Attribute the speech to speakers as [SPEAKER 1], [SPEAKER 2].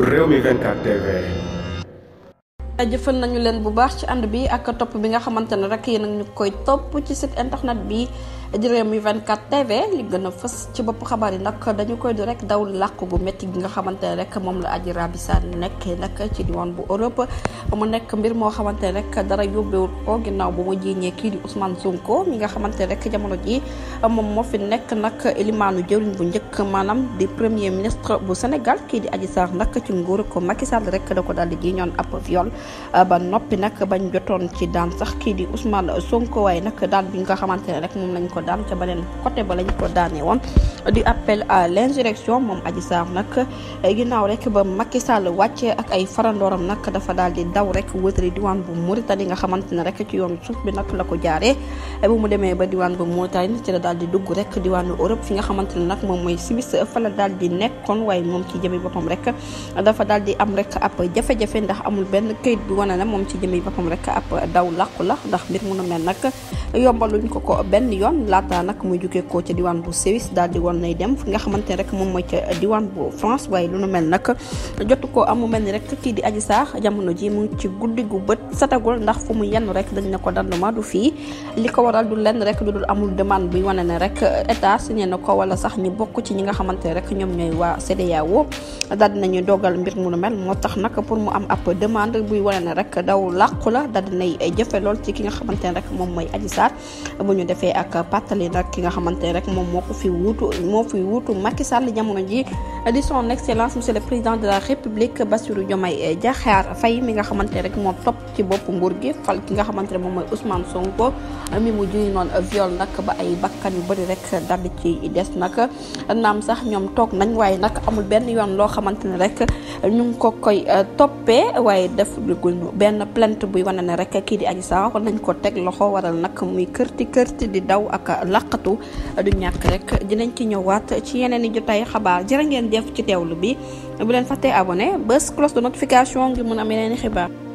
[SPEAKER 1] Rewmi 24 TV. jëfal nañu leen bu baax ci ànd bi ak topp bi nga xamante ne rek yéen a ngi koy topp ci site internet bi. réew mi 24 TV li gën a fës ci bopp xabaar yi nag dañu koy di rek daw làkk gu metti gi nga xamante ne rek moom la aji Raby Sarr nekk nag ci diwaan bu Europe mu nekk mbir moo xamante ne rek dara yóbbewul ko ginnaaw bu mu jiiñee kii di Ousmane Sonko mi nga xamante rek jamono ji moom moo fi nekk nag élimaanu jëwriñ bu njëkk maanaam di premier ministre bu Sénégal kii di aji Sarr nag ci nguur ko Macky Sall rek da ko daal di jiiñoon ab viol ba noppi nag bañ jotoon ci daan sax kii di Ousmane Sonko waaye nag daal bi nga xamante ne rek moom lañ ko ko daan ca beneen côté ba lañ ko daane woon di appel à l'insurrection moom Adji Sarr nag ginnaaw rek ba Macky Sall wàccee ak ay farandooram nag dafa daal di daw rek wëtari diwaan bu Mauritanie nga xamante ne rek ci yoon suuf bi nag la ko jaaree bu mu demee ba diwaan bu Mauritanie ci la daal di dugg rek diwaanu Europe fi nga xamante ne nag moom mooy simis fa la daal di nekkoon waaye moom ci jëmi boppam rek dafa dal di am rek ab jafe-jafe ndax amul benn këyit bi wane na moom ci jëmi boppam rek ab daw làqu la ndax mbir mu nu mel nag yombaluñ ko ko benn yoon laata nag muy jugee ko ci diwaan bu Suisse daal di diwan nay dem fi nga xamante rek mom moy bu France way lu nu mel nak jot ko am mu mel rek kii di aji sax jamono ji mu ci guddi gu beut satagul ndax fu mu yenn rek dañ ne ko danduma du fi liko waral du len rek du dul amul demande bu wane ne rek état signé nako wala sax ñu bokk ci ñi nga xamante rek ñoy wa waa wo dal nañu dogal mbir mu nu mel motax nak pour mu am app demande bu wane ne rek daw làqu la daal dinay jëfe lool ci ki nga xamante rek mom moy aji sax bu ñu défé ak patali nak ki nga xamante rek mom moko fi wutu moo fi wuutu Macky Sall jamono ji di son excellence monsieur le président de la république Bassirou Diomaye Diakhar Fay mi nga xamante rek moo topp ci bopp nguur gi fal ki nga xamante ne moom mooy Ousmane Sonko mi mu jëy noon viol nak ba ay bakkan yu bari rek dal ci des nak naam sax ñoom toog nañ waaye nak amul benn yoon loo xamante ne rek ñu ko koy toppee waaye def guñu benn plainte buy wane ne rek kii di Adji Sarr nañ ko teg loxo waral nak muy kërti kërti di daw ak laqatu du ñàkk rek dinañ ci ñëwaat ci yeneen i jotaay xabaar jërë ngeen def ci teew lu bi bu leen fàttee abone bés cloche de notification mun am yeneen i xibaar.